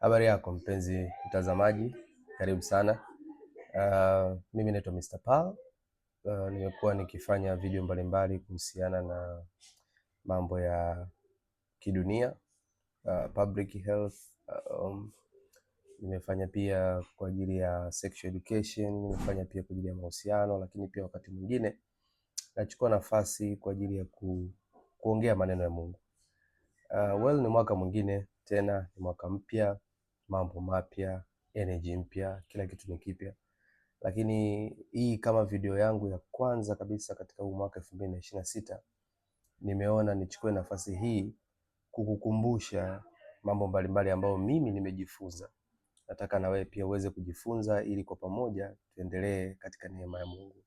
Habari yako mpenzi mtazamaji, karibu sana. Uh, mimi naitwa Mr. Pal. Uh, nimekuwa nikifanya video mbalimbali kuhusiana na mambo ya kidunia uh, public health uh, um, nimefanya pia kwa ajili ya sexual education, nimefanya pia kwa ajili ya mahusiano, lakini pia wakati mwingine nachukua nafasi kwa ajili ya ku, kuongea maneno ya Mungu. Uh, well, ni mwaka mwingine tena, ni mwaka mpya mambo mapya, energy mpya, kila kitu ni kipya. Lakini hii kama video yangu ya kwanza kabisa katika huu mwaka 2026, na na sita, nimeona nichukue nafasi hii kukukumbusha mambo mbalimbali ambayo mimi nimejifunza. Nataka na wewe pia uweze kujifunza ili kwa pamoja tuendelee katika neema ya Mungu.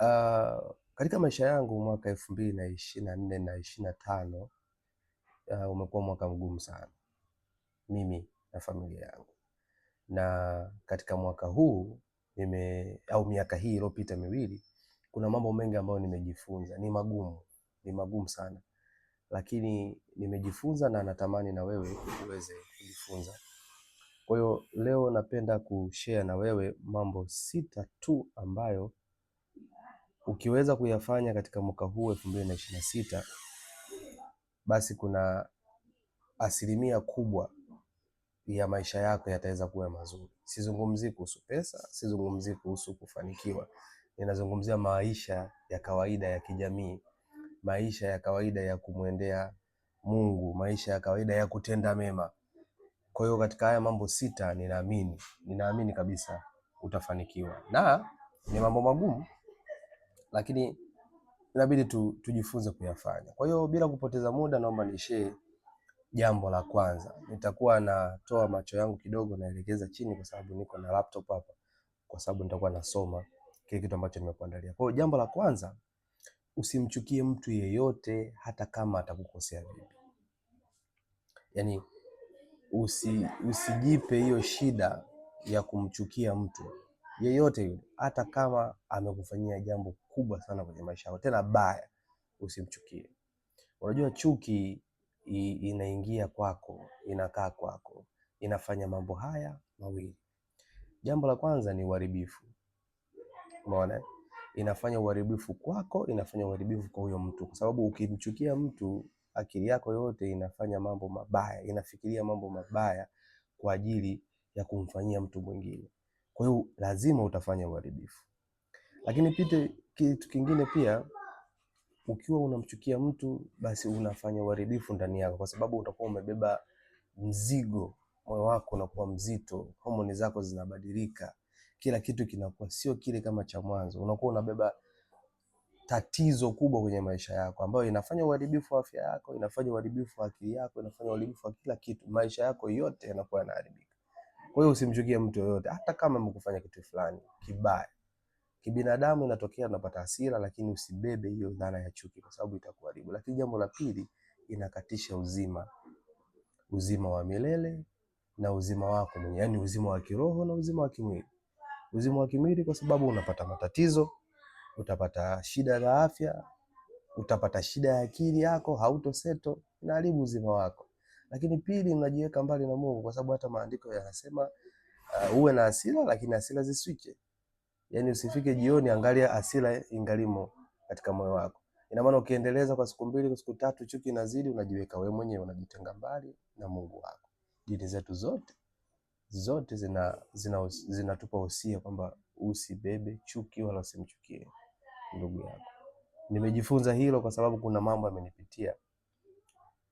Uh, katika maisha yangu mwaka elfu mbili na ishirini na nne na ishirini na tano uh, umekuwa mwaka mgumu sana mimi na familia yangu. Na katika mwaka huu nime au miaka hii iliyopita miwili, kuna mambo mengi ambayo nimejifunza, ni magumu, ni magumu sana, lakini nimejifunza na natamani na wewe uweze kujifunza. Kwa hiyo leo napenda kushare na wewe mambo sita tu ambayo ukiweza kuyafanya katika mwaka huu elfu mbili na ishirini na sita basi kuna asilimia kubwa ya maisha yako yataweza kuwa mazuri. Sizungumzii kuhusu pesa, sizungumzii kuhusu kufanikiwa, ninazungumzia maisha ya kawaida ya kijamii, maisha ya kawaida ya kumwendea Mungu, maisha ya kawaida ya kutenda mema. Kwa hiyo katika haya mambo sita, ninaamini ninaamini kabisa utafanikiwa, na ni mambo magumu, lakini inabidi tu, tujifunze kuyafanya. Kwa hiyo bila kupoteza muda, naomba nishee Jambo la kwanza nitakuwa natoa macho yangu kidogo, naelekeza chini, kwa sababu niko na laptop hapa, kwa sababu nitakuwa nasoma kile kitu ambacho nimekuandalia. Kwa hiyo jambo la kwanza, usimchukie mtu yeyote, hata kama atakukosea vipi. Yani usi, usijipe hiyo shida ya kumchukia mtu yeyote yule, hata kama amekufanyia jambo kubwa sana kwenye maisha yako, tena baya, usimchukie. Unajua chuki i, inaingia kwako, inakaa kwako, inafanya mambo haya mawili. Jambo la kwanza ni uharibifu. Umeona, inafanya uharibifu kwako, inafanya uharibifu kwa huyo mtu, kwa sababu ukimchukia mtu, akili yako yote inafanya mambo mabaya, inafikiria mambo mabaya kwa ajili ya kumfanyia mtu mwingine. Kwa hiyo lazima utafanya uharibifu, lakini pite kitu kingine pia ukiwa unamchukia mtu, basi unafanya uharibifu ndani yako, kwa sababu utakuwa umebeba mzigo, moyo wako unakuwa mzito, homoni zako zinabadilika, kila kitu kinakuwa sio kile kama cha mwanzo. Unakuwa unabeba tatizo kubwa kwenye maisha yako ambayo inafanya uharibifu wa afya yako, inafanya uharibifu wa akili yako, inafanya uharibifu wa kila kitu. Maisha yako yote yanakuwa yanaharibika. Kwa hiyo usimchukie mtu yoyote, hata kama amekufanya kitu fulani kibaya. Kibinadamu inatokea unapata hasira, lakini usibebe hiyo dhana ya chuki, kwa sababu itakuharibu. Lakini jambo la pili, inakatisha uzima, uzima wa milele na uzima wako mwenyewe, yani uzima wa kiroho na uzima wa kimwili. Uzima wa kimwili kwa sababu unapata matatizo, utapata shida za afya, utapata shida ya akili yako, hautoseto, inaharibu uzima wako. Lakini pili, unajiweka mbali na Mungu, kwa sababu hata maandiko yanasema uh, uwe na hasira, lakini hasira zisiche yani usifike jioni, angalia asila ingalimo katika moyo wako. Ina maana ukiendeleza kwa siku mbili, siku tatu, chuki inazidi, unajiweka wewe mwenyewe, unajitenga mbali na Mungu wako. Dini zetu zote zote zinatupa zina, usia kwamba usibebe chuki wala usimchukie ndugu yako. Nimejifunza hilo kwa sababu kuna mambo yamenipitia,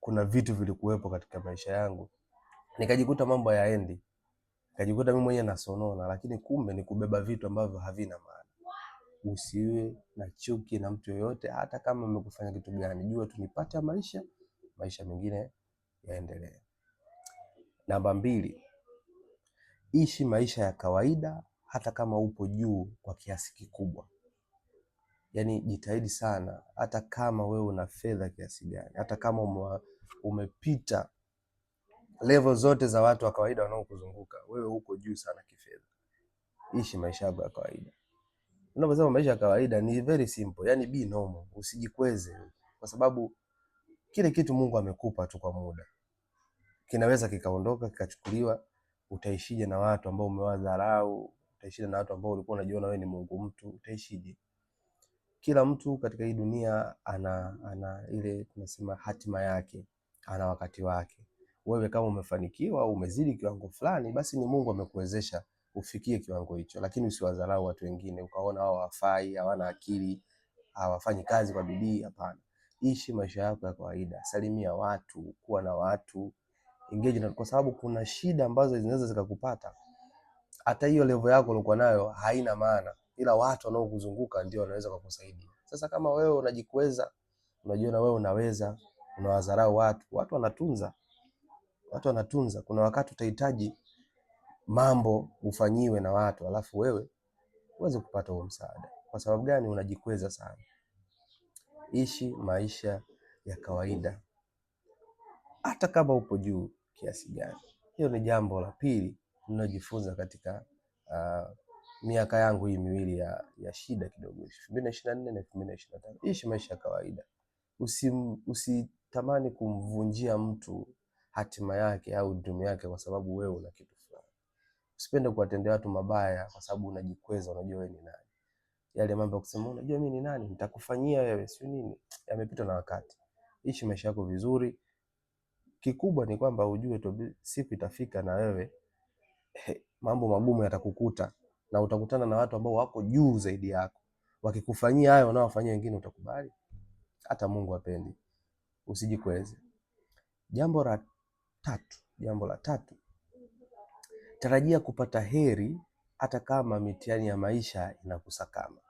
kuna vitu vilikuwepo katika maisha yangu nikajikuta mambo hayaendi Kajikuta mimi mwenyewe nasonona, lakini kumbe ni kubeba vitu ambavyo havina maana. Usiwe na chuki na mtu yoyote, hata kama amekufanya kitu gani, jua tu nipate maisha, maisha mengine yaendelee. Namba mbili, ishi maisha ya kawaida hata kama upo juu kwa kiasi kikubwa. yani jitahidi sana, hata kama wewe una fedha kiasi gani, hata kama umepita level zote za watu wa kawaida wanaokuzunguka wewe, huko juu sana kifedha. Ishi maisha yako ya kawaida. Unaposema maisha ya kawaida ni very simple, yani be normal, usijikweze, kwa sababu kile kitu Mungu amekupa tu kwa muda kinaweza kikaondoka kikachukuliwa. Utaishije na watu ambao umewadharau? Utaishije na watu ambao ulikuwa unajiona wewe ni Mungu mtu? Utaishije? Kila mtu katika hii dunia ana, ana ile tunasema hatima yake, ana wakati wake wewe kama umefanikiwa au umezidi kiwango fulani, basi ni Mungu amekuwezesha ufikie kiwango hicho, lakini usiwadharau watu wengine ukaona wao hawafai, hawana akili, hawafanyi kazi kwa bidii. Hapana, ishi maisha yako ya kawaida, salimia watu, kuwa na watu, engage na, kwa sababu kuna shida ambazo zinaweza zikakupata hata hiyo level yako ulikuwa nayo haina maana, ila watu wanaokuzunguka ndio wanaweza kukusaidia. Sasa kama wewe unajikweza, unajiona wewe unaweza, unawadharau watu, watu wanatunza watu wanatunza. Kuna wakati utahitaji mambo ufanyiwe na watu, alafu wewe uweze kupata huo msaada. Kwa sababu gani? Unajikweza sana. Ishi maisha ya kawaida, hata kama upo juu kiasi gani. Hiyo ni jambo la pili ninalojifunza katika uh, miaka yangu hii miwili ya, ya shida kidogo, elfu na 2025. nne na na Ishi maisha ya kawaida, usitamani usi kumvunjia mtu hatima yake au dumu yake, kwa sababu wewe una kitu fulani. Usipende kuwatendea watu mabaya kwa sababu unajikweza, unajua wewe ni nani. Yale mambo ya kusema unajua mimi ni nani, nitakufanyia wewe si nini, yamepita na wakati. Ishi maisha yako vizuri. Kikubwa ni kwamba ujue tu siku itafika na wewe eh, mambo magumu yatakukuta na utakutana na watu ambao wako juu zaidi yako. Wakikufanyia hayo wanaowafanyia wengine utakubali? Hata Mungu apendi. Usijikweze. Jambo la Tatu, jambo la tatu, tarajia kupata heri hata kama mitihani ya maisha inakusakama.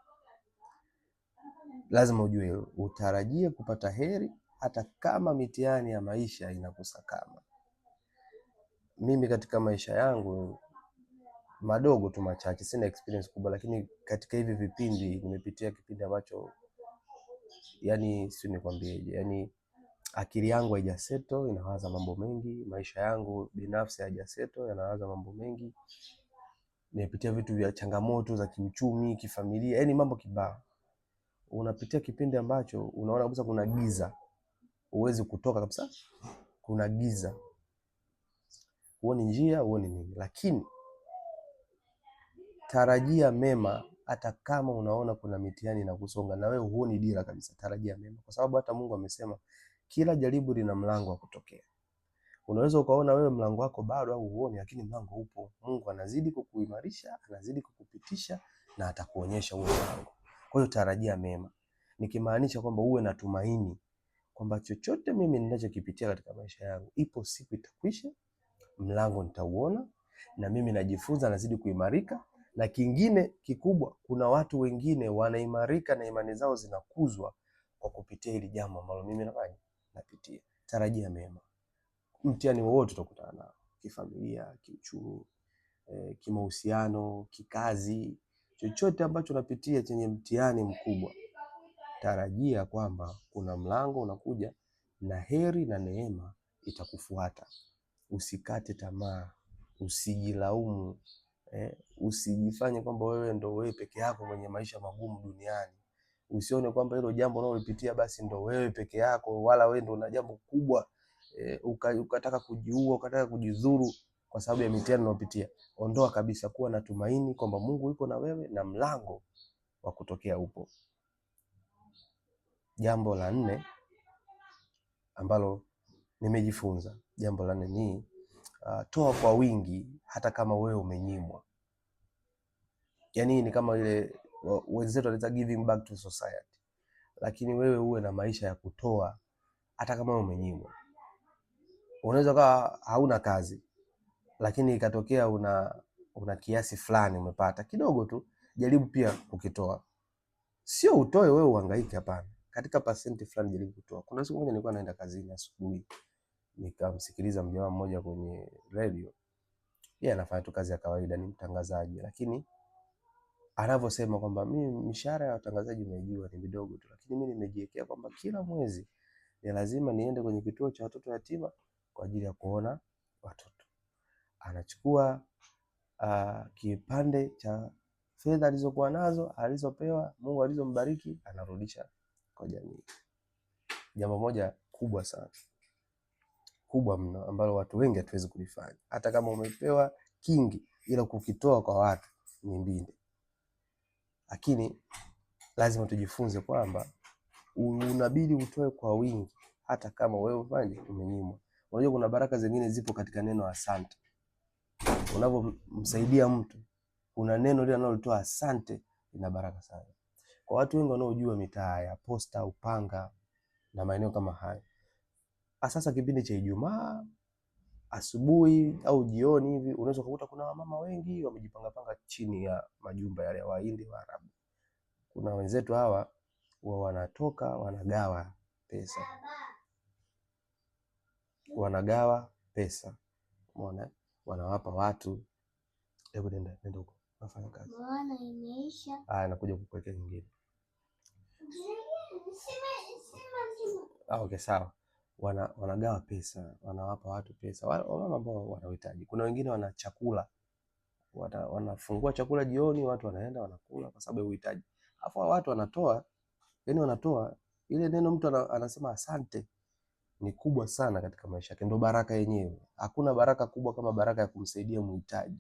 Lazima ujue hilo, utarajie kupata heri hata kama mitihani ya maisha inakusakama. Mimi katika maisha yangu madogo tu machache, sina experience kubwa, lakini katika hivi vipindi nimepitia kipindi ambacho yani, si nikwambieje, yani akili yangu haijaseto, inawaza mambo mengi. Maisha yangu binafsi haijaseto, yanawaza mambo mengi. Nimepitia vitu vya changamoto za kiuchumi, kifamilia, yani mambo kibao. Unapitia kipindi ambacho unaona kabisa kuna giza, uwezi kutoka kabisa, kuna giza, huoni njia, huoni nini, lakini tarajia mema hata kama unaona kuna mitihani na kusonga na wewe huoni dira kabisa, tarajia mema, kwa sababu hata Mungu amesema kila jaribu lina mlango wa kutokea. Unaweza ukaona wewe mlango wako bado au uone, lakini mlango upo. Mungu anazidi kukuimarisha, anazidi kukupitisha na atakuonyesha huo mlango. Kwa hiyo tarajia mema, nikimaanisha kwamba uwe na tumaini kwamba chochote mimi ninachokipitia katika maisha yangu, ipo siku itakwisha, mlango nitauona na mimi najifunza, nazidi kuimarika. Na kingine kikubwa, kuna watu wengine wanaimarika na imani zao zinakuzwa kwa kupitia hili jambo ambalo mimi nafanya tarajia mema. Mtihani wowote utakutana nao, kifamilia, kiuchumi, e, kimahusiano, kikazi, chochote ambacho unapitia chenye mtihani mkubwa, tarajia kwamba kuna mlango unakuja na heri na neema itakufuata. Usikate tamaa, usijilaumu, eh, usijifanye kwamba wewe ndo wewe peke yako mwenye maisha magumu duniani usione kwamba hilo jambo unalopitia basi ndo wewe peke yako, wala wewe ndo una jambo kubwa e, ukataka kujiua, ukataka kujidhuru kwa sababu ya mitihani unayopitia. Ondoa kabisa, kuwa na tumaini kwamba Mungu yuko na wewe na mlango wa kutokea upo. Jambo la nne ambalo nimejifunza, jambo la nne ni uh, toa kwa wingi, hata kama wewe umenyimwa. yani ni kama ile wenzetu wanaita giving back to society, lakini wewe uwe na maisha ya kutoa, hata kama umenyimwa. Unaweza ukawa hauna kazi, lakini ikatokea una una kiasi fulani umepata kidogo tu, jaribu pia kukitoa. Sio utoe wewe uhangaike, hapana, katika pasenti fulani jaribu kutoa. Kuna siku moja nilikuwa naenda kazini asubuhi, nikamsikiliza mjamaa mmoja kwenye redio, yeye anafanya tu kazi ya kawaida, ni mtangazaji lakini anavyosema kwamba mimi mishahara ya watangazaji naijua ni midogo tu, lakini mimi nimejiwekea kwamba kila mwezi ni lazima niende kwenye kituo cha watoto yatima kwa ajili ya kuona watoto. Anachukua uh, kipande cha fedha alizokuwa nazo alizopewa Mungu alizombariki anarudisha kwa jamii. Jambo moja kubwa sana kubwa mno ambalo watu wengi hatuwezi kulifanya, hata kama umepewa kingi, ila kukitoa kwa watu ni mbinde lakini lazima tujifunze kwamba unabidi utoe kwa wingi, hata kama wewe ufanye umenyimwa. Unajua kuna baraka zingine zipo katika neno asante. Unavyomsaidia mtu, kuna neno lile analotoa asante, ina baraka sana. Kwa watu wengi wanaojua mitaa ya Posta, Upanga na maeneo kama hayo, sasa kipindi cha Ijumaa asubuhi au jioni hivi unaweza kukuta kuna wamama wengi wamejipangapanga chini ya majumba yale ya Wahindi wa Arabu. Kuna wenzetu hawa wa wanatoka wanagawa pesa, wanagawa pesa, umeona, wanawapa watu. Hebu nenda nenda huko, nafanya kazi, maana imeisha. Ah, nakuja kukuwekea nyingine. Ah, okay, sawa wana, wanagawa pesa, wanawapa watu pesa, wamama ambao wanahitaji. Kuna wengine wana chakula wana, wanafungua chakula jioni, watu wanaenda wanakula kwa sababu ya uhitaji, afu watu wanatoa, yani wanatoa ile neno mtu anasema asante ni kubwa sana katika maisha yake, ndio baraka yenyewe. Hakuna baraka kubwa kama baraka ya kumsaidia mhitaji.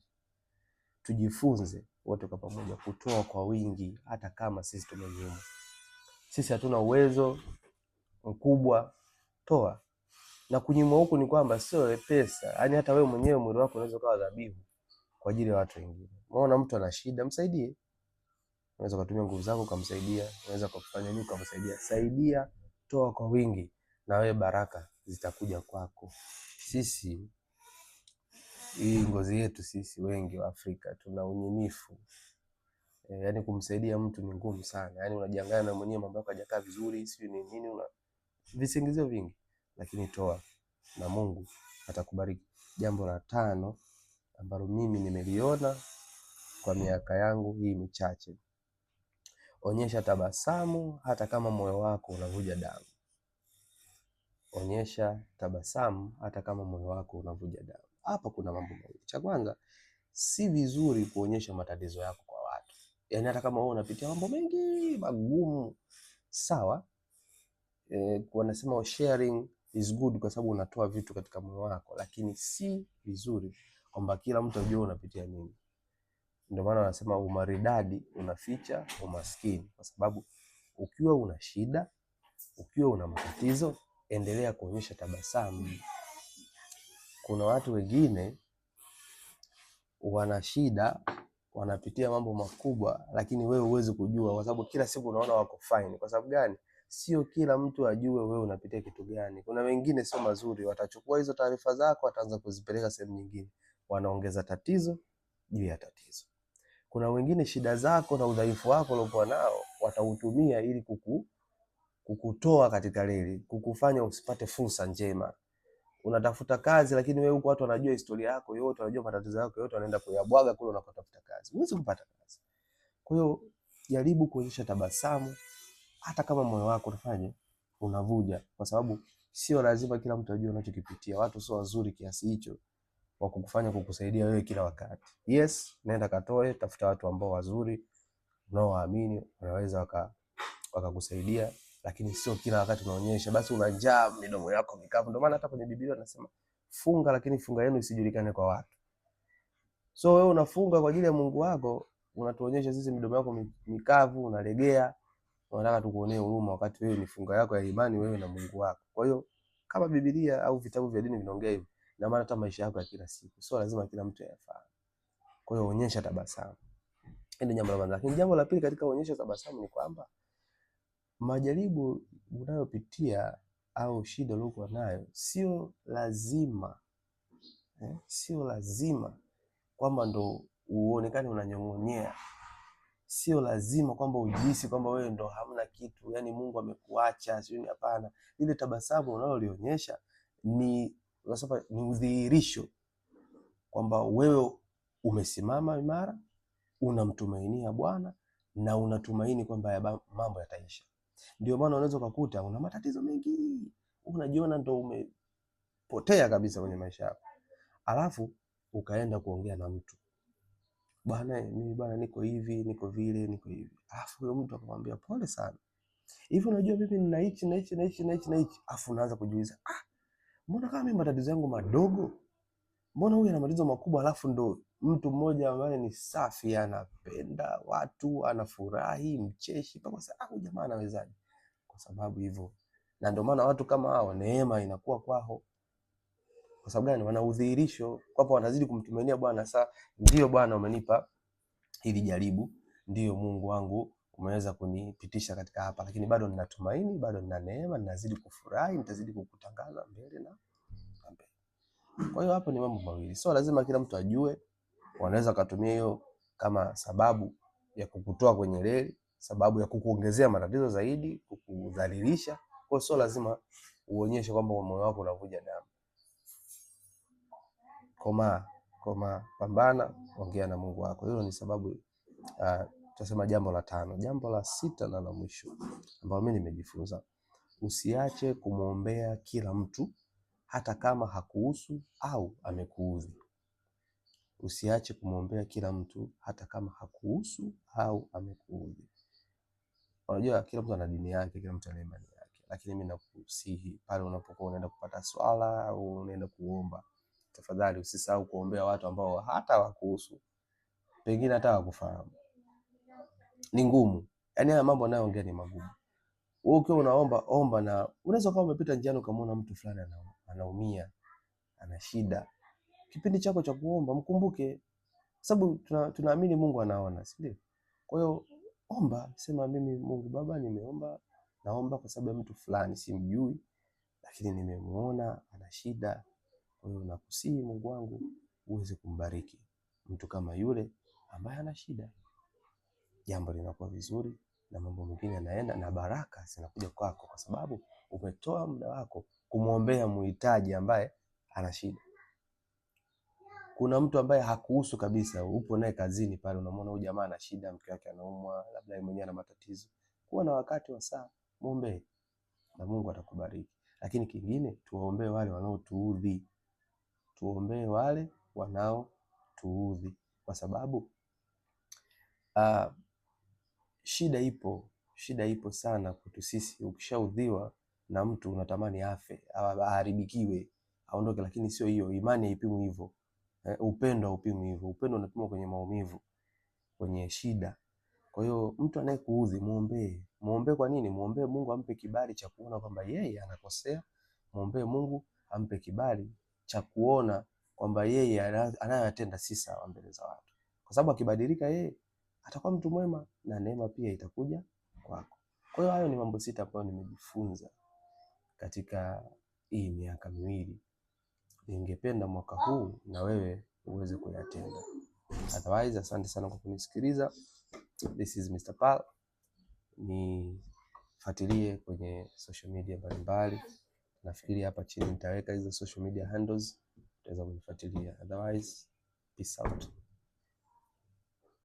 Tujifunze wote kwa pamoja kutoa kwa wingi, hata kama sisi tumenyuma, sisi hatuna uwezo mkubwa toa. Na kunyimwa huku ni kwamba sio pesa, yani hata wewe mwenyewe mwili wako unaweza kuwa dhabihu kwa ajili ya watu wengine. Unaona mtu ana shida, msaidie. Unaweza kutumia nguvu zako kumsaidia, unaweza kufanya nini kumsaidia. Saidia, toa kwa wingi, na wewe baraka zitakuja kwako. Sisi hii ngozi yetu sisi wengi wa Afrika tuna unyinifu e, eh, yaani kumsaidia mtu ni ngumu sana, yani unajiangalia na mwenyewe mambo yako hajakaa vizuri, sio ni nini una visingizio vingi, lakini toa na Mungu atakubariki. Jambo la tano ambalo mimi nimeliona kwa miaka yangu hii michache, onyesha tabasamu hata kama moyo wako unavuja damu. Onyesha tabasamu hata kama moyo wako unavuja damu. Hapa kuna mambo mawili. Cha kwanza, si vizuri kuonyesha matatizo yako kwa watu, yaani hata kama wewe unapitia mambo mengi magumu, sawa, eh, wanasema sharing is good kwa sababu unatoa vitu katika moyo wako, lakini si vizuri kwamba kila mtu ajue unapitia nini. Ndio maana wanasema umaridadi unaficha umaskini, kwa sababu ukiwa una shida, ukiwa una matatizo, endelea kuonyesha tabasamu. Kuna watu wengine wana shida wanapitia mambo makubwa, lakini wewe huwezi kujua, kwa sababu kila siku unaona wako fine. Kwa sababu gani? sio kila mtu ajue wewe unapitia kitu gani. Kuna wengine sio mazuri, watachukua hizo taarifa zako, wataanza kuzipeleka sehemu nyingine, wanaongeza tatizo juu ya tatizo. Kuna wengine shida zako na udhaifu wako uliokuwa nao watautumia ili kuku, kukutoa katika reli, kukufanya usipate fursa njema. Unatafuta kazi lakini wewe huko watu wanajua historia yako yote, wanajua matatizo yako yote, wanaenda kuyabwaga kule unakotafuta kazi. Huwezi kupata kazi. Kwa hiyo jaribu kuonyesha tabasamu hata kama moyo wako utafanyaje, unavuja, kwa sababu sio lazima kila mtu ajue unachokipitia. Watu sio wazuri kiasi hicho wa kukufanya kukusaidia wewe kila wakati. Yes, nenda katoe, tafuta watu ambao wazuri unaowaamini wanaweza waka wakakusaidia, lakini sio kila wakati unaonyesha basi unajaa midomo yako mikavu. Ndio maana hata kwenye Biblia anasema funga, lakini funga yenu isijulikane kwa watu. So wewe unafunga kwa ajili ya Mungu wako, unatuonyesha sisi midomo yako mikavu, unalegea wanataka tukuonee huruma, wakati wewe ni funga yako ya imani, wewe na Mungu wako. Kwa hiyo kama Biblia au vitabu vya dini vinaongea hivyo, na maana hata maisha yako ya kila siku sio lazima kila mtu ayafahamu. Kwa hiyo onyesha tabasamu, ndio jambo la kwanza. Lakini jambo la pili katika onyesha tabasamu ni kwamba majaribu unayopitia au shida uliokuwa nayo sio lazima eh, sio lazima kwamba ndo uonekane unanyong'onyea sio lazima kwamba ujihisi kwamba wewe ndo hamna kitu, yani Mungu amekuacha sio. Hapana, ile tabasamu unalolionyesha ni unasema ni udhihirisho kwamba wewe umesimama imara, unamtumainia Bwana na unatumaini kwamba ya mambo yataisha. Ndio maana unaweza ukakuta una matatizo mengi, unajiona ndo umepotea kabisa kwenye maisha yako, alafu ukaenda kuongea na mtu bwana, mimi bwana, niko hivi, niko vile, niko hivi, alafu yule mtu akamwambia pole sana, hivi unajua mimi nina hichi na hichi na hichi na hichi na hichi, alafu unaanza kujiuliza ah, mbona kama mimi matatizo yangu madogo, mbona huyu ana matatizo makubwa? Alafu ndo mtu mmoja ambaye ni safi, anapenda watu, anafurahi, mcheshi, mpaka sasa ah, jamaa anawezaje? Kwa sababu hivyo, na ndio maana watu kama hao neema inakuwa kwao. Kwa sababu gani? Wana udhihirisho kwamba wanazidi kumtumainia Bwana. Sasa ndio Bwana umenipa hili jaribu, ndio Mungu wangu umeweza kunipitisha katika hapa, lakini bado ninatumaini, bado nina neema, ninazidi kufurahi, nitazidi kukutangaza mbele na mbele. Kwa hiyo hapo ni mambo mawili, sio lazima kila mtu ajue. Wanaweza kutumia hiyo kama sababu ya kukutoa kwenye reli, sababu ya kukuongezea matatizo zaidi, kukudhalilisha. Kwa hiyo sio lazima uonyeshe kwamba moyo wako unavuja damu komaa, koma, pambana, ongea na Mungu wako. Hilo ni sababu uh, tutasema jambo la tano. Jambo la sita na la mwisho ambalo mimi nimejifunza, usiache kumwombea kila mtu hata kama hakuhusu au amekuudhi. Usiache kumwombea kila mtu hata kama hakuhusu au amekuudhi. Unajua, kila mtu ana dini yake, kila mtu ana imani yake, lakini mimi nakusihi pale unapokuwa unaenda kupata swala au unaenda kuomba tafadhali usisahau kuombea watu ambao hata wakuhusu, pengine hata wakufahamu. Ni ngumu, yani haya mambo anayoongea ni magumu. Wewe ukiwa unaomba omba, na unaweza kama umepita njiani ukamwona mtu fulani anaumia, ana shida, kipindi chako cha kuomba mkumbuke, sababu tunaamini tuna Mungu anaona, si ndio? Kwa hiyo omba, sema mimi Mungu Baba, nimeomba naomba kwa sababu ya mtu fulani simjui, lakini nimemuona ana shida kwa hiyo nakusihi Mungu wangu uweze kumbariki mtu kama yule ambaye ana shida, jambo linakuwa vizuri na mambo mengine yanaenda na baraka zinakuja kwako, kwa sababu umetoa muda wako kumwombea muhitaji ambaye ana shida. Kuna mtu ambaye hakuhusu kabisa, upo naye kazini pale, unamwona huyu jamaa ana shida, mke wake anaumwa, labda yeye mwenyewe ana matatizo. Kuwa na wakati wa saa, muombe na Mungu atakubariki. Lakini kingine, tuwaombee wale wanaotuudhi tuombee wale wanaotuudhi, kwa sababu uh, shida ipo, shida ipo sana kwetu sisi. Ukishaudhiwa na mtu unatamani afe, aharibikiwe, aondoke, lakini sio hiyo. Imani haipimwi hivyo, e, upendo haupimwi hivyo. Upendo unapimwa kwenye maumivu, kwenye shida. Kwa hiyo mtu anayekuudhi muombee, muombee. Kwa nini? Muombee Mungu ampe kibali cha kuona kwamba yeye anakosea, muombee Mungu ampe kibali cha kuona kwamba yeye anayoyatenda si sawa mbele za watu, kwa sababu akibadilika yeye atakuwa mtu mwema na neema pia itakuja kwako. Kwa hiyo hayo ni mambo sita ambayo nimejifunza katika hii miaka miwili. Ningependa mwaka huu na wewe uweze kuyatenda. Otherwise, asante sana kwa kunisikiliza. This is Mr. Pal. Nifuatilie kwenye social media mbalimbali. Nafikiri hapa chini nitaweka hizo social media handles, utaweza kunifuatilia. Otherwise, peace out.